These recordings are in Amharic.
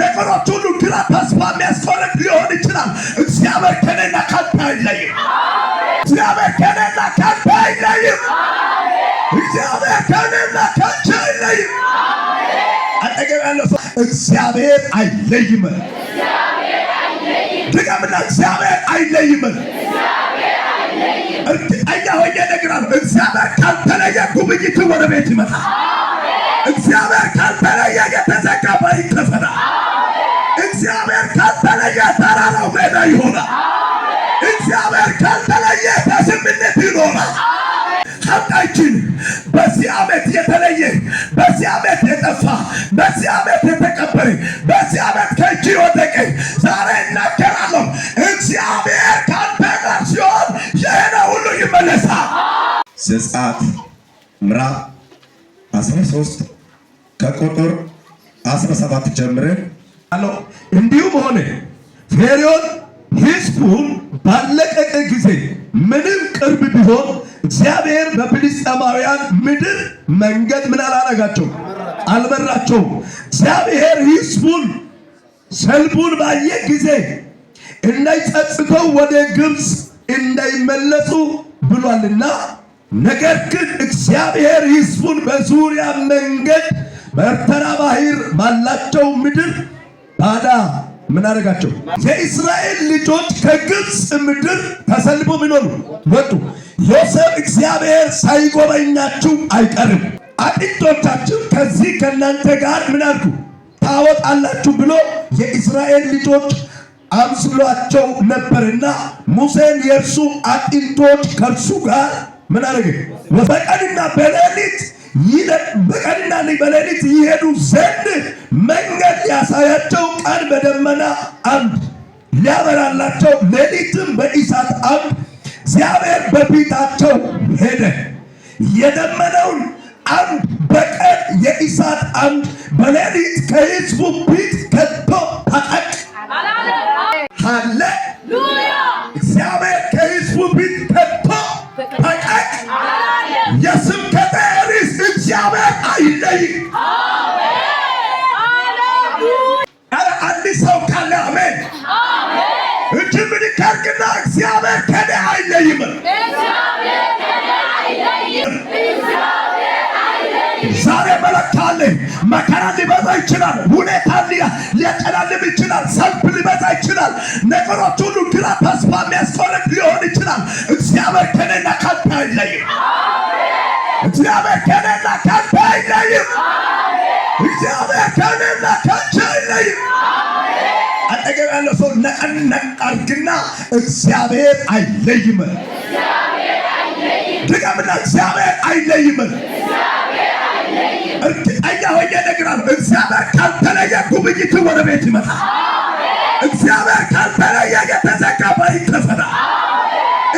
ነገሮች ሁሉ ግራ ተስፋ የሚያስቆርጥ ሊሆን ይችላል። እግዚአብሔር ከኔና ካንተ አይለይም። እግዚአብሔር ከኔና ካንተ አይለይም። እግዚአብሔር ከኔና ካንተ አይለይም። አጠገብ ያለው ሰው እግዚአብሔር አይለይም። ድገምና እግዚአብሔር አይለይም። እርግጠኛ ሆኜ ነግራለሁ። እግዚአብሔር ካልተለየ ጉብኝት ወደ ቤት ይመጣል። እግዚአብሔር ካልተለየ የተዘጋበት ይከፈታል። እግዚአብሔር ካልተለየ ተራራው ሜዳ ይሆናል። እግዚአብሔር ካልተለየ በስምነት ይኖራል። ሀብታችን በዚህ ዓመት የተለየ በዚህ ዓመት የጠፋ በዚህ ዓመት የተቀበረ በዚህ ዓመት ከእጅ የወደቀ ዛሬ እናገራለሁ። እግዚአብሔር ካንተ ጋር ሲሆን ይህን ሁሉ ይመለሳል። ዘጸአት ምዕራፍ 13 ከቁጥር 17 ጀምረን አለው። እንዲሁም ሆነ ፌሪዮን ሕዝቡም ባለቀቀ ጊዜ ምንም ቅርብ ቢሆን እግዚአብሔር በፍልስጤማውያን ምድር መንገድ ምን አላረጋቸውም፣ አልመራቸውም። እግዚአብሔር ሕዝቡን ሰልቡን ባየ ጊዜ እንዳይጸጽተው ወደ ግብፅ እንዳይመለሱ ብሏልና ነገር ግን እግዚአብሔር ሕዝቡን በዙሪያ መንገድ በኤርትራ ባህር ባላቸው ምድር ባዳ ምን አደረጋቸው? የእስራኤል ልጆች ከግብፅ ምድር ተሰልፎ የሚኖሩ ወጡ። ዮሴፍ እግዚአብሔር ሳይጎበኛችሁ አይቀርም፣ አጥንቶቻችሁ ከዚህ ከእናንተ ጋር ምን አልኩ ታወጣላችሁ ብሎ የእስራኤል ልጆች አምስሏቸው ነበርና ሙሴን የእርሱ አጥንቶች ከእርሱ ጋር ምን አደረገ? በቀንና በሌሊት በቀንና በሌሊት ይሄዱ ዘንድ መንገድ ሊያሳያቸው ቀን በደመና አምድ ሊያበራላቸው ሌሊትም በእሳት አምድ እግዚአብሔር በፊታቸው ሄደ። የደመናውን አምድ በቀን የእሳት አምድ በሌሊት ከሕዝቡ ፊት ከቶ ታጠቅ አለ። እግዚአብሔር ከሕዝቡ ፊት ከቶ የስም ከጠሪስ እግዚአብሔር አይለይ። አዲስ ሰው ካለ አሜን እጅ ምንከርግና እግዚአብሔር ከኔ አይለይም። ዛሬ መለካለ መከራ ሊበዛ ይችላል። ሁኔታ ሊያጨላልም ይችላል። ሰልፍ ሊበዛ ይችላል። ነገሮች ሁሉ ግራ ተስፋ የሚያስቆርጥ ሊሆን ይችላል። እግዚአብሔር ከኔና ካንተ አይለይም። እግዚአብሔር ከኔና ካንተ አይለይም። እግዚአብሔር ከኔና ካንተ አይለይም። አጠገብ ያለው ሰው ነቀነቅ አድርግና እግዚአብሔር አይለይም። ድገምና እግዚአብሔር አይለይም። እርግጠኛ ሆኜ እነግራለሁ፣ እግዚአብሔር ካልተለየ ጉብኝቱ ወደ ቤት ይመጣል። እግዚአብሔር ካልተለየ የተዘጋ በር ይከፈታል።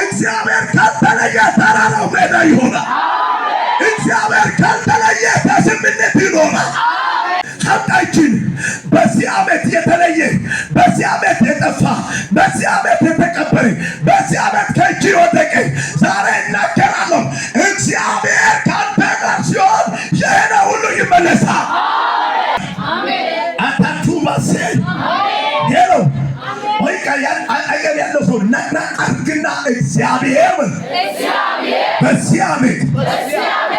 እግዚአብሔር ካልተለየ ተራራው ሜዳ ይሆናል። ከእግዚአብሔር ካልተለየ በስምነት ይኖራል። ሀብታችን በዚህ ዓመት የተለየ በዚህ ዓመት የጠፋ በዚህ ዓመት የተቀበረ በዚህ ዓመት ከእጅ የወደቀ ዛሬ እናገራለሁ። እግዚአብሔር ካንተ ጋር ሲሆን የሄደ ሁሉ ይመለሳል። አታቱ ባሴ የለው ወይ አገር ያለው ሰው ናቅና አርግና እግዚአብሔር በዚህ ዓመት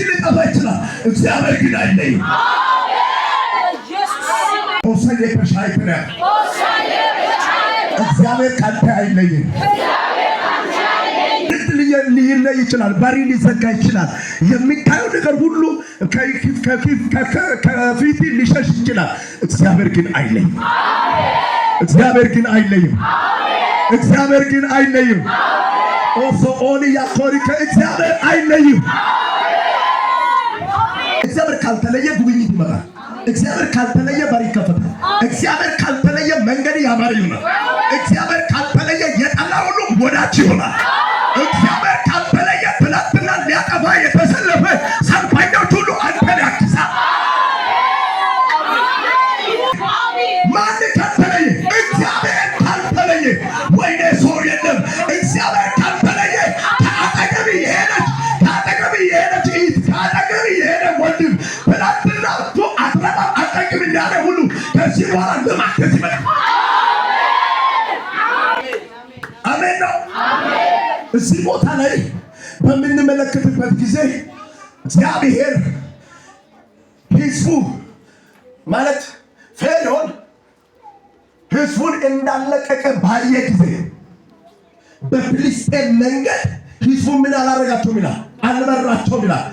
በዚህ ሊጠፋ ይችላል። እግዚአብሔር ግን አይለይም። እግዚአብሔር ካንተ አይለይም። ሊለይ ይችላል። በሪ ሊዘጋ ይችላል። የሚታየው ነገር ሁሉ ከፊት ሊሸሽ ይችላል። እግዚአብሔር ግን አይለይም። እግዚአብሔር ግን አይለይም። እግዚአብሔር ግን አይለይም። ኦሶ ያኮሪ ከእግዚአብሔር አይለይም። እግዚአብሔር ካልተለየ ጉብኝት ይመጣል። እግዚአብሔር ካልተለየ በር ይከፈታል። እግዚአብሔር ካልተለየ መንገድ ያማር ይሆናል። እግዚአብሔር ካልተለየ የጠላ ሁሉ ወዳጅ ይሆናል። ያለ ሁሉ ከዚህ በኋላ ልማት ከዚህ አሜን ነው። እዚህ ቦታ ላይ በምንመለከትበት ጊዜ እግዚአብሔር ህዝቡ ማለት ፌሎን ህዝቡን እንዳለቀቀ ባየ ጊዜ በፍልስጤን መንገድ ህዝቡ ምን አላረጋቸውም ይላል፣ አልመራቸውም ይላል።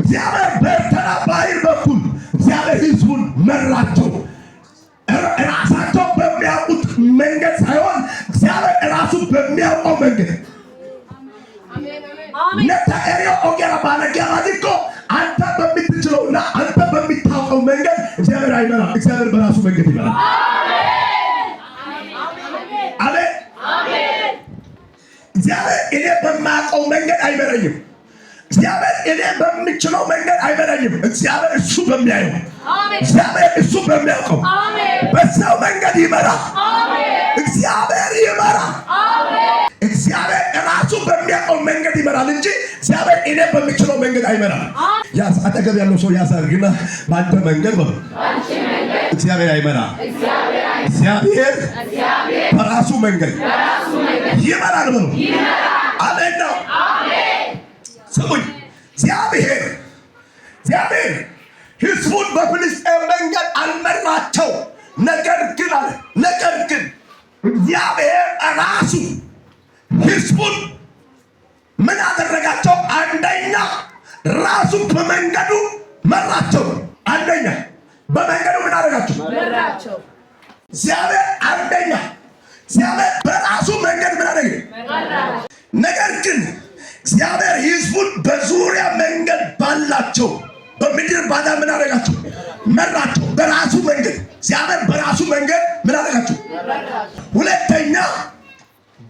እግዚአብሔር በኤርትራ ባህር በኩል እግዚአብሔር ህዝቡን መራቸው። ራሳቸው በሚያውቁት መንገድ ሳይሆን እግዚአብሔር ራሱ በሚያውቀው መንገድ ነታኤሬ ኦጌራ ባነገራዚኮ አንተ በምትችለውና አንተ በሚታወቀው መንገድ እግዚአብሔር አይመራም። እግዚአብሔር በራሱ መንገድ ይመራል። እግዚአብሔር እኔ በማያውቀው መንገድ አይመራኝም። እግዚአብሔር እኔ በምችለው መንገድ አይበለኝም። እግዚአብሔር እሱ በሚያየው እግዚአብሔር እሱ በሚያውቀው በሰው መንገድ ይመራ እግዚአብሔር ይመራ። እግዚአብሔር ራሱ በሚያውቀው መንገድ ይመራል እንጂ እግዚአብሔር እኔ በምችለው መንገድ አይመራም። ያስ አጠገብ ያለው ሰው ያሳርግና በአንተ መንገድ በ እግዚአብሔር አይመራ። እግዚአብሔር በራሱ መንገድ ይመራል ብሎ አሜን ነው እግዚአብሔር እግዚአብሔር ህዝቡን በፍልስጤም መንገድ አልመራቸው። ነገር ግን አለ ነገር ግን እግዚአብሔር ራሱ ህዝቡን ምን አደረጋቸው? አንደኛ ራሱ በመንገዱ መራቸው። አንደኛ በመንገዱ ምን አደረጋቸው? እግዚአብሔር አንደኛ እግዚአብሔር በራሱ መንገድ ምን አደረገ? ነገር ግን እግዚአብሔር ህዝቡን በዙሪያ መንገድ ባላቸው በምድር ባዳ ምን አደረጋቸው? መራቸው። በራሱ መንገድ እግዚአብሔር በራሱ መንገድ ምን አደረጋቸው? ሁለተኛ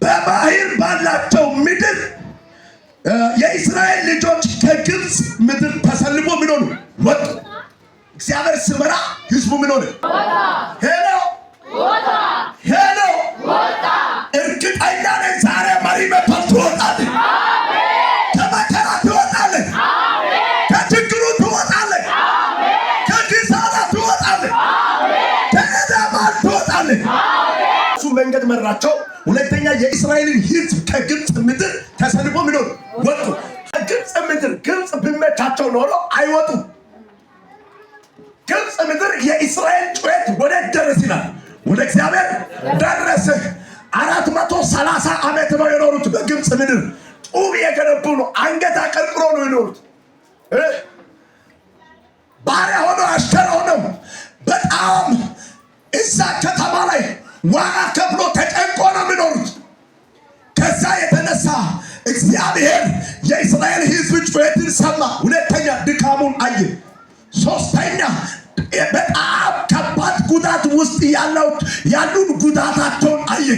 በባህር ባላቸው ምድር የእስራኤል ልጆች ከግብፅ ምድር ተሰልፎ ምን ሆኑ? ወጡ። እግዚአብሔር ስመራ ህዝቡ ምን ሆነ? ሄሎ መራቸው። ሁለተኛ የእስራኤልን ሕዝብ ከግብፅ ምድር ተሰልፎ ምኖር ወጡ። ከግብፅ ምድር ግብፅ ብመቻቸው ኖሮ አይወጡም ግብፅ ምድር የእስራኤል ጩኸት ወደ ደረስ ይላል። ወደ እግዚአብሔር ደረስህ። አራት መቶ ሰላሳ ዓመት ነው የኖሩት በግብፅ ምድር። ጡብ የገነቡ ነው። አንገት አቀርቅሮ ነው የኖሩት። ባሪያ ሆነው አሽከር ሆነው በጣም እዛ ከተማ ላይ ዋጋ ከፍሎ ተጨንቆ ነው የሚኖሩት። ከዛ የተነሳ እግዚአብሔር የእስራኤል ሕዝብ ጩኸትን ሰማ። ሁለተኛ ድካሙን አየ። ሶስተኛ በጣም ከባድ ጉዳት ውስጥ ያለው ያሉን ጉዳታቸውን አየ።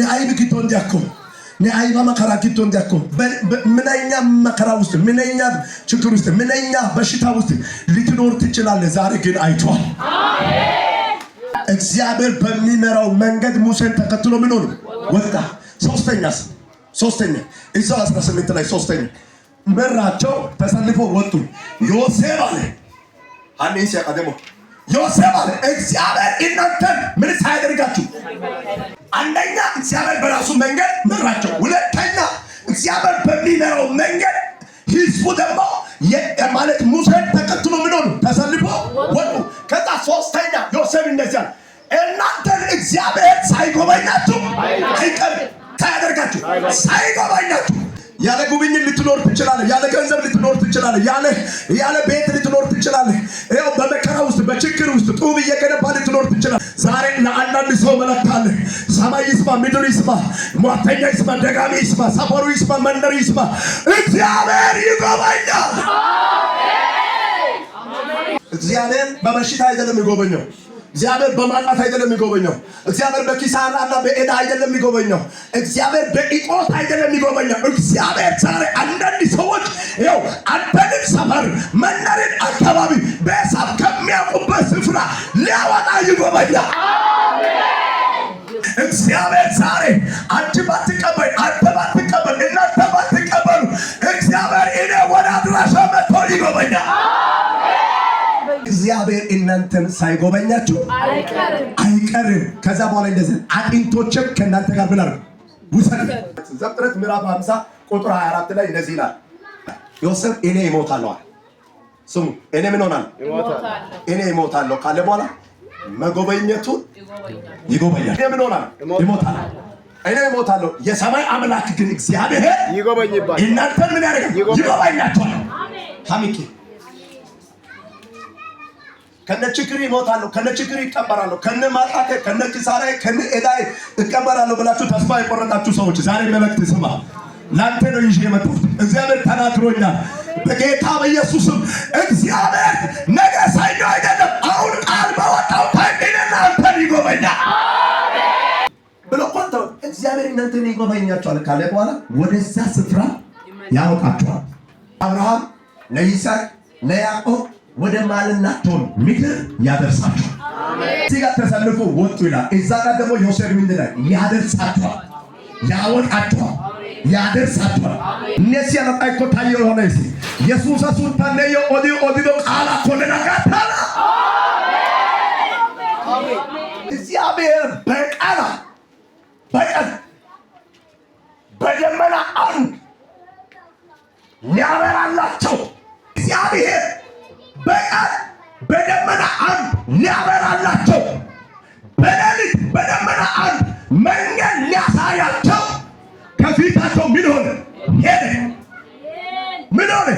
ንአይብ ግቶ እንዲያኮ ንአይባ መከራ ግቶ እንዲያኮ ምንኛ መከራ ውስጥ ምነኛ ችግር ውስጥ ምነኛ በሽታ ውስጥ ልትኖር ትችላለህ። ዛሬ ግን አይቷል። እግዚአብሔር በሚመራው መንገድ ሙሴን ተከትሎ ምን ሆነ ወጣ። ሶስተኛ ሶስተኛ እዛው 18 ላይ ሶስተኛ መራቸው ተሰልፎ ወጡ። ዮሴፍ አለ አንዴ ያቀደሞ ዮሴፍ አለ እግዚአብሔር እናንተን ምን ሳያደርጋችሁ፣ አንደኛ እግዚአብሔር በራሱ መንገድ መራቸው፣ ሁለተኛ እግዚአብሔር በሚመራው መንገድ ህዝቡ ደግሞ ማለት ሙሴን ተከትሎ ምን ሆኑ ተሰልፎ ወጡ። ከዛ ሶስተኛ ዮሴፍ እንደዚህ አለ እናንተን እግዚአብሔር ሳይጎበኛችሁ አይቀርም። ሳያደርጋችሁ ሳይጎበኛችሁ ያለ ጉብኝት ልትኖር ትችላለህ። ያለ ገንዘብ ልትኖር ትችላለህ። ያለ ያለ ቤት ልትኖር ትችላለህ። ይኸው በመከራ ውስጥ በችግር ውስጥ ጡብ እየገነባ ልትኖር ትችላለህ። ዛሬ ለአንዳንድ ሰው መለካለህ። ሰማይ ይስማ፣ ምድር ይስማ፣ ሟተኛ ይስማ፣ ደጋሚ ይስማ፣ ሰፈሩ ይስማ፣ መንደር ይስማ፣ እግዚአብሔር ይጎበኛል። እግዚአብሔር በበሽታ አይደለም ይጎበኘው እግዚአብሔር በማጣት አይደለም የሚጎበኘው። እግዚአብሔር በኪሳራና በዕዳ አይደለም የሚጎበኘው። እግዚአብሔር በኢቆት አይደለም የሚጎበኘው። እግዚአብሔር ዛሬ አንዳንድ ሰዎች ያው አንተንም ሰፈር መነርን አካባቢ በሳብ ከሚያውቁበት ስፍራ ሊያወጣ ይጎበኛል። እግዚአብሔር ዛሬ አንቺ ባትቀበል፣ አንተ ባትቀበል፣ እናንተ ባትቀበሉ እግዚአብሔር እኔ ወደ አድራሻ መጥቶ ይጎበኛል። እግዚአብሔር እናንተን ሳይጎበኛችሁ አይቀርም። ከዛ በኋላ እንደዚ አጥንቶችም ከእናንተ ጋር ብናር ውሰድ። ዘፍጥረት ምዕራፍ 50 ቁጥር 24 ላይ እንደዚህ ይላል ዮሴፍ እኔ እሞታለሁ አለ። ስሙ እኔ ምን ሆናል? እኔ እሞታለሁ ካለ በኋላ መጎበኘቱን ይጎበኛል። እኔ ምን ሆናለሁ? እሞታለሁ እኔ እሞታለሁ። የሰማይ አምላክ ግን እግዚአብሔር ይጎበኝባል። እናንተን ምን ያደርጋል? ይጎበኛቸዋል። ሀሚኬ ከነ ችግር ይሞታለሁ፣ ከነ ችግር ይቀበራለሁ፣ ከነ ማጣት፣ ከነ ኪሳራ፣ ከነ እዳይ ይቀበራለሁ ብላችሁ ተስፋ የቆረጣችሁ ሰዎች ዛሬ መልእክት ስማ። ላንተ ነው ይዤ የመጣሁት። እግዚአብሔር ተናግሮኛል። በጌታ በኢየሱስም እግዚአብሔር ነገ ሰኞ አይደለም፣ አሁን ቃል በወጣው ታይምና አንተን ይጎበኛል ብሎ ቆንተው እግዚአብሔር እናንተን ይጎበኛቸዋል ካለ በኋላ ወደዛ ስፍራ ያወጣቸዋል። አብርሃም ለይስሐቅ ለያዕቆብ ወደ ማልናቸውን ምድር ያደርሳቸዋል። እዚህ ጋር ተሰልፉ ወጡ ይላል። እዛ ጋር ደግሞ ዮሴፍ ምንድን ያደርሳቸዋል፣ ያወጣቸዋል፣ ያደርሳቸዋል። እነዚህ ያመጣ እኮ ታየ የሆነ ሲ የሱሰ ሱልታነዮ ኦዲ ኦዲዶ ቃላ ኮለናጋታላ እግዚአብሔር በቃላ በቀን በደመና አንድ ያበራላቸው እግዚአብሔር በቃል በደመና አምድ ሊያበራላቸው፣ በሌሊት በደመና አምድ መንገድ ሊያሳያቸው ከፊታቸው ምን ሆነ? ሄደ። ምን ሆነ?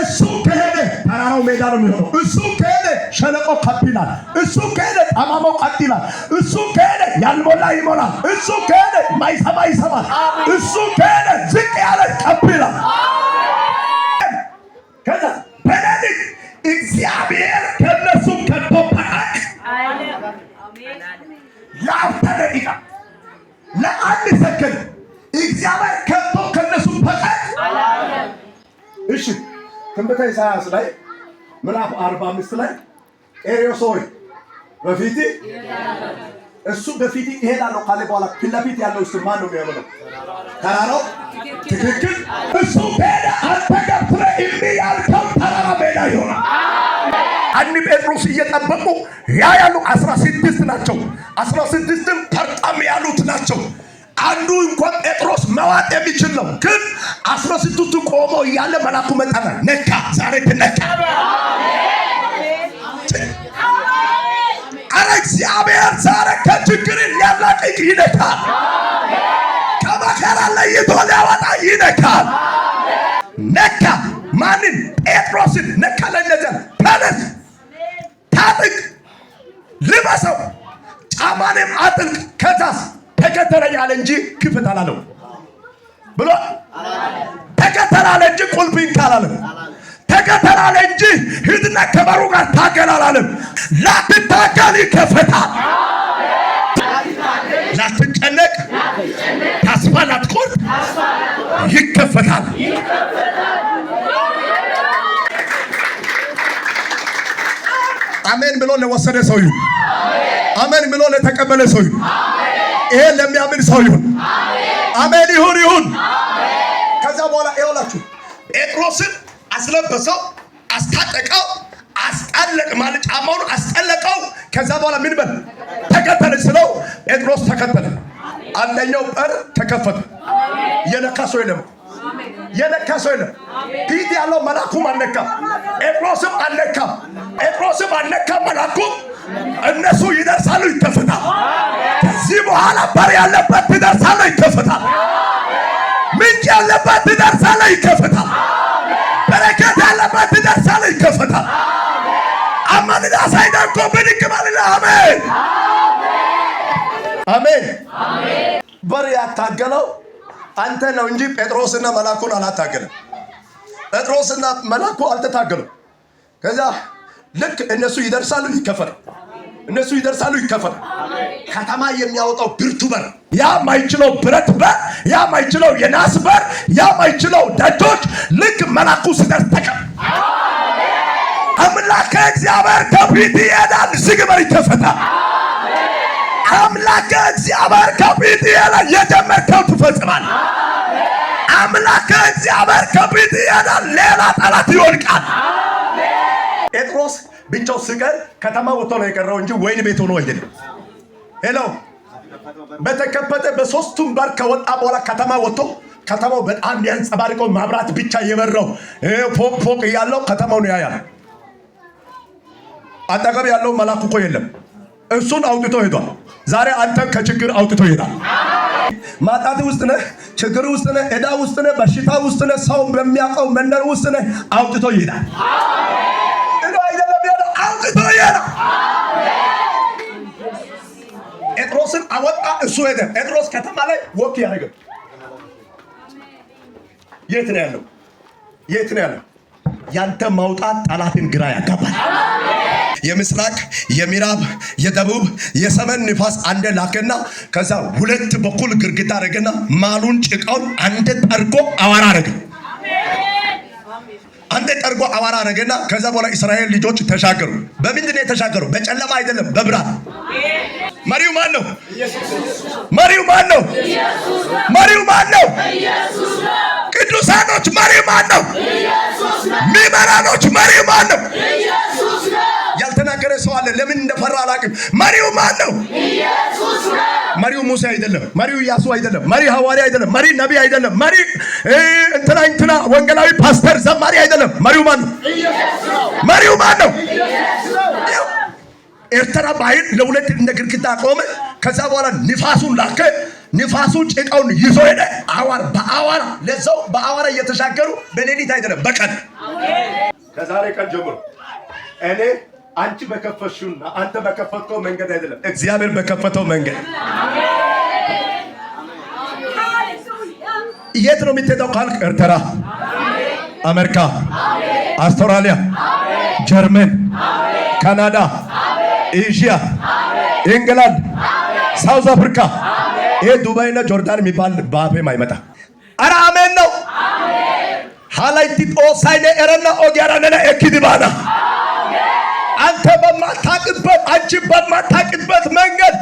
እሱ ከሄደ ተራራው ሜዳ ነው የሚሆነው። እሱ ከሄደ ሸለቆ ከፍ ይላል። እሱ ከሄደ ጠማማው ቀጥ ይላል። እሱ ከሄደ ያልሞላ ይሞላል። እሱ ከሄደ ማይሰማ ይሰማል። እሱ ከሄደ ዝቅ ያለ ከፍ ይላል። እግዚአብሔር ከእነሱም ከቶ ፈቃቅ ደቂቃ ለአንድ ሰከንድ እግዚአብሔር ከቶ ከእነሱም ፈቃቅ። እሺ ትንቢተ ኢሳያስ ላይ ምዕራፍ አርባ አምስት ላይ ኤሪዮስ ሆይ በፊት እሱ በፊት ይሄዳለሁ ካለ በኋላ ፊት ለፊት ያለው እሱ ማን ነው የሚያምነው? ተራራው ትክክል እሱ ሄደ ያ ያሉ አስራ ስድስት ናቸው። አስራ ስድስትም ፈርጣም ያሉት ናቸው። አንዱ እንኳን ጴጥሮስ መዋጥ የሚችል ነው። ግን አስራ ስድስቱ ቆሞ እያለ መላኩ መጣና ነካ፣ ዛሬ ትነካ። አረ እግዚአብሔር ዛሬ ከችግር ሊያላቅቅ ይነካል። ከመከራ ለይቶ ሊያወጣ ይነካል። ነካ። ማንን? ጴጥሮስን ነካ። ለነዘ ተነስ፣ ታጥቅ ልበሰው፣ ጫማንም አጥልቅ፣ ከዛስ ተከተለኝ አለ እንጂ ክፍት አላለው ብሎ ተከተል አለ እንጂ ቁልፍን ካላለም ተከተል አለ እንጂ ሂድና ከበሩ ጋር ታገል አላለም። ላትታገል ይከፈታል። ላትጨነቅ ተስፋ ላትቆርጥ ይከፈታል። አሜን ብሎ ለወሰደ ሰው ይሁን። አሜን ብሎ ለተቀበለ ሰው ይሁን። ይሄ ለሚያምን ሰው ይሁን። አሜን ይሁን ይሁን። ከዛ በኋላ ይኸውላችሁ ጴጥሮስን አስለበሰው፣ አስታጠቀው፣ አስጠለቅ ማለት ጫማውን አስጠለቀው። ከዛ በኋላ ምን በል ተከተለ ስለው ጴጥሮስ ተከተለ። አንደኛው በር ተከፈተ። የነካ ሰው የለም። የነካ ሰው የለም። ፊት ያለው መልአኩም አልነካም፣ ኤጥሮስም አልነካም፣ ኤጥሮስም አልነካም። መልአኩም እነሱ ይደርሳሉ፣ ይከፍታል። ከዚህ በኋላ በር ያለበት ትደርሳለ፣ ይከፍታል። ምንጭ ያለበት ትደርሳለ፣ ይከፍታል። በረከት ያለበት ትደርሳለ፣ ይከፍታል። አማልዳ ሳይደርቆ ብድግ በልና አሜን አሜን። በር ያታገለው አንተ ነው እንጂ ጴጥሮስና መላኩን አላታገለም። ጴጥሮስና መላኩ አልተታገሉም። ከዛ ልክ እነሱ ይደርሳሉ ይከፈላል፣ እነሱ ይደርሳሉ ይከፈላል። ከተማ የሚያወጣው ብርቱ በር፣ ያ ማይችለው ብረት በር፣ ያ ማይችለው የናስ በር፣ ያ ማይችለው ደጆች ልክ መላኩ ሲደርስ ተቀ አምላክ ከእግዚአብሔር ከፊት ይሄዳል፣ ዝግ በር ይከፈታል። አምላክ እግዚአብሔር ከብትዬ ላይ የጀመርከውን ትፈጽማል። አምላክ እግዚአብሔር ከብትዬ ላይ ሌላ ጠላት ይወድቃል። ጴጥሮስ ብቻው ሲቀር ከተማ ወጥቶ ነው የቀረው እንጂ ወይን ቤት ሆኖ አይደለም። ሄሎ በተከፈተ በሶስቱም በር ከወጣ በኋላ ከተማ ወጥቶ ከተማው በጣም ያንጸባርቀው ማብራት ብቻ የበራው ፎቅ ፎቅ ያለው ከተማውን ያያል። አጠገብ ያለው መላኩ እኮ የለም። እሱን አውጥቶ ሄዷል። ዛሬ አንተ ከችግር አውጥቶ ይሄዳል። ማጣት ውስጥ ነህ፣ ችግር ውስጥ ነህ፣ ዕዳ ውስጥ ነህ፣ በሽታ ውስጥ ነህ፣ ሰው በሚያውቀው መንደር ውስጥ ነህ። አውጥቶ ይሄዳል። አውጥቶ ይሄዳል። ጴጥሮስን አወጣ፣ እሱ ሄደ። ጴጥሮስ ከተማ ላይ ወክ ያደረገ የት ነው ያለው? የት ነው ያለው? ያንተ ማውጣት ጠላትን ግራ ያጋባል። የምስራቅ የምዕራብ የደቡብ የሰሜን ንፋስ አንደ ላከና ከዛ ሁለት በኩል ግርግዳ አረገና ማሉን ጭቃውን አንደ ጠርጎ አዋራ አረገ። አንደ ጠርጎ አዋራ አረገና ከዛ በኋላ እስራኤል ልጆች ተሻገሩ። በምንድን ነው የተሻገሩ? በጨለማ አይደለም፣ በብርሃን። መሪው ማን ነው? መሪው ማን ነው? መሪው ማን ነው? ቅዱሳኖች መሪው ማን ነው? ሚመራኖች መሪው ማን ነው? የተናገረ ሰው አለ። ለምን እንደፈራ አላውቅም። መሪው ማን ነው? መሪው ሙሴ አይደለም። መሪው ኢያሱ አይደለም። መሪ ሐዋሪ አይደለም። መሪ ነቢይ አይደለም። መሪ እንትና እንትና ወንጌላዊ፣ ፓስተር፣ ዘማሪ አይደለም። መሪው ማን ነው? መሪው ማን ነው? ኤርትራ ባሕር ለሁለት እንደ ግድግዳ ቆመ። ከዛ በኋላ ንፋሱን ላከ። ንፋሱ ጭቃውን ይዞ ሄደ። አዋር በአዋራ ለዛው በአዋራ እየተሻገሩ በሌሊት አይደለም በቀን ከዛሬ ቀን ጀምሮ እኔ አንቺ በከፈትሽውና አንተ በከፈትከው መንገድ አይደለም፣ እግዚአብሔር በከፈተው መንገድ። የት ነው የምትሄደው ካልክ፣ ኤርትራ፣ አሜሪካ፣ አውስትራሊያ፣ ጀርመን፣ ካናዳ፣ ኤዥያ፣ ኢንግላንድ፣ ሳውዝ አፍሪካ። ይሄ ዱባይ እና ጆርዳን የሚባል በአፌም አይመጣ። አረ አሜን ነው ሃላይቲጦ ሳይነ ኤረና ኦጊያራነና ኤኪድባና አንተ በማታቅበት አንቺ በማታቅበት መንገድ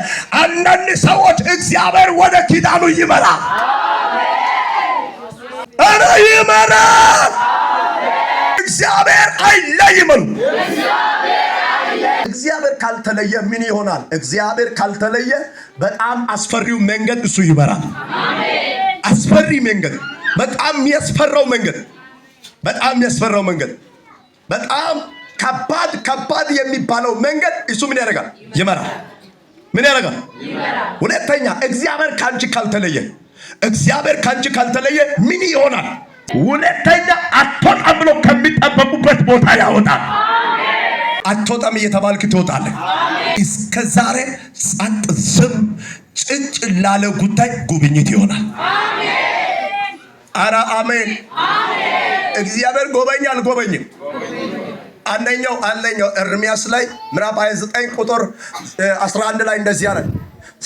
አንዳንድ ሰዎች እግዚአብሔር ወደ ኪዳኑ ይመራል። ኧረ ይመራል። እግዚአብሔር አይለይም። እግዚአብሔር ካልተለየ ምን ይሆናል? እግዚአብሔር ካልተለየ በጣም አስፈሪው መንገድ እሱ ይመራል። አስፈሪ መንገድ፣ በጣም የሚያስፈራው መንገድ፣ በጣም የሚያስፈራው መንገድ፣ በጣም ከባድ ከባድ የሚባለው መንገድ እሱ ምን ያደርጋል? ይመራል። ምን ያደርጋል? ሁለተኛ እግዚአብሔር ከአንቺ ካልተለየ እግዚአብሔር ከአንቺ ካልተለየ ምን ይሆናል? ሁለተኛ አትወጣም ብሎ ከሚጠበቁበት ቦታ ያወጣል። አትወጣም እየተባልክ ትወጣለህ። እስከ ዛሬ ጸጥ ዝም ጭጭ ላለ ጉዳይ ጉብኝት ይሆናል። አሜን። አሜን። እግዚአብሔር ጎበኛ አልጎበኝም አንደኛው አንደኛው ኤርምያስ ላይ ምዕራፍ 29 ቁጥር 11 ላይ እንደዚህ አለ።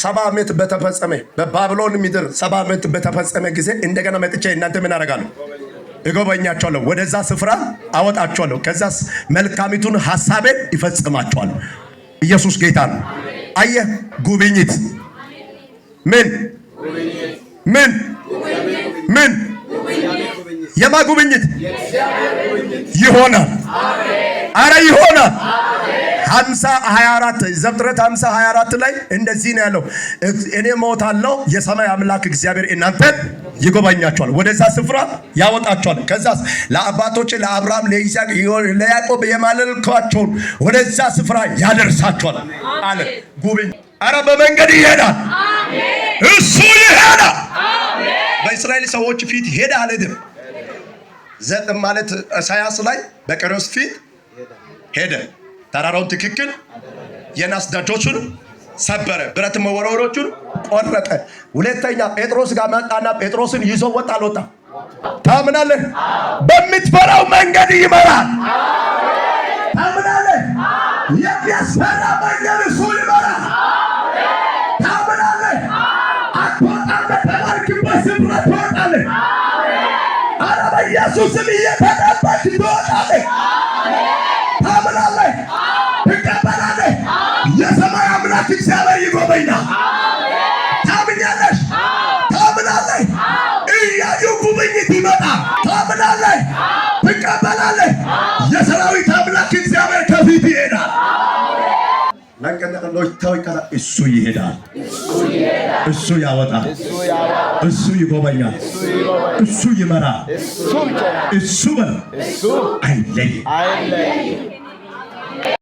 ሰባ ዓመት በተፈጸመ በባቢሎን ምድር ሰባ ዓመት በተፈጸመ ጊዜ እንደገና መጥቼ እናንተ ምን አደርጋለሁ? እጎበኛቸዋለሁ፣ ወደዛ ስፍራ አወጣቸዋለሁ፣ ከዛ መልካሚቱን ሀሳቤን ይፈጽማቸዋለሁ። ኢየሱስ ጌታ ነው። አየህ ጉብኝት ምን ምን ምን የማጉብኝት ይሆናል። አረ ይሆናል። ሀምሳ ሀያ አራት ዘፍጥረት ሀምሳ ሀያ አራት ላይ እንደዚህ ነው ያለው። እኔ ሞታለሁ፣ የሰማይ አምላክ እግዚአብሔር እናንተን ይጎበኛቸዋል፣ ወደዛ ስፍራ ያወጣቸዋል። ከዛ ለአባቶች ለአብርሃም፣ ለይስሐቅ፣ ለያዕቆብ የማለልኳቸውን ወደዛ ስፍራ ያደርሳቸዋል አለ። ጉብኝ። አረ በመንገድ ይሄዳል፣ እሱ ይሄዳል። በእስራኤል ሰዎች ፊት ሄዳ አልሄድም ዘጠኝ ማለት ኢሳያስ ላይ በቆሮስ ፊት ሄደ፣ ተራራውን ትክክል የናስ ደጆቹን ሰበረ፣ ብረት መወረወሮቹን ቆረጠ። ሁለተኛ ጴጥሮስ ጋር መጣና ጴጥሮስን ይዞ ወጣ። አልወጣ ታምናለህ? በምትፈራው መንገድ ይመራል። ታምናለህ? የሚያስፈራ መንገድ እሱ ይመራል። ታምናለህ? አትወጣም። በተባልክበት ስፍራ ትወጣለህ። በኢየሱስም እየተጠበቅ ትወጣለህ፣ ታምናለህ፣ ትቀበላለህ። የሰማይ አምላክ እግዚአብሔር ይጎበኛል። ታምኛለሽ፣ ታምናለህ። እያዩ ጉብኝት ይመጣል። ታምናለህ፣ ትቀበላለህ። የሰራዊት አምላክ እግዚአብሔር ከፊት ይሄዳል። ለቀነቀሎች ተውቀና እሱ ይሄዳል፣ እሱ ያወጣል፣ እሱ ይጎበኛል፣ እሱ ይመራል፣ እሱ በ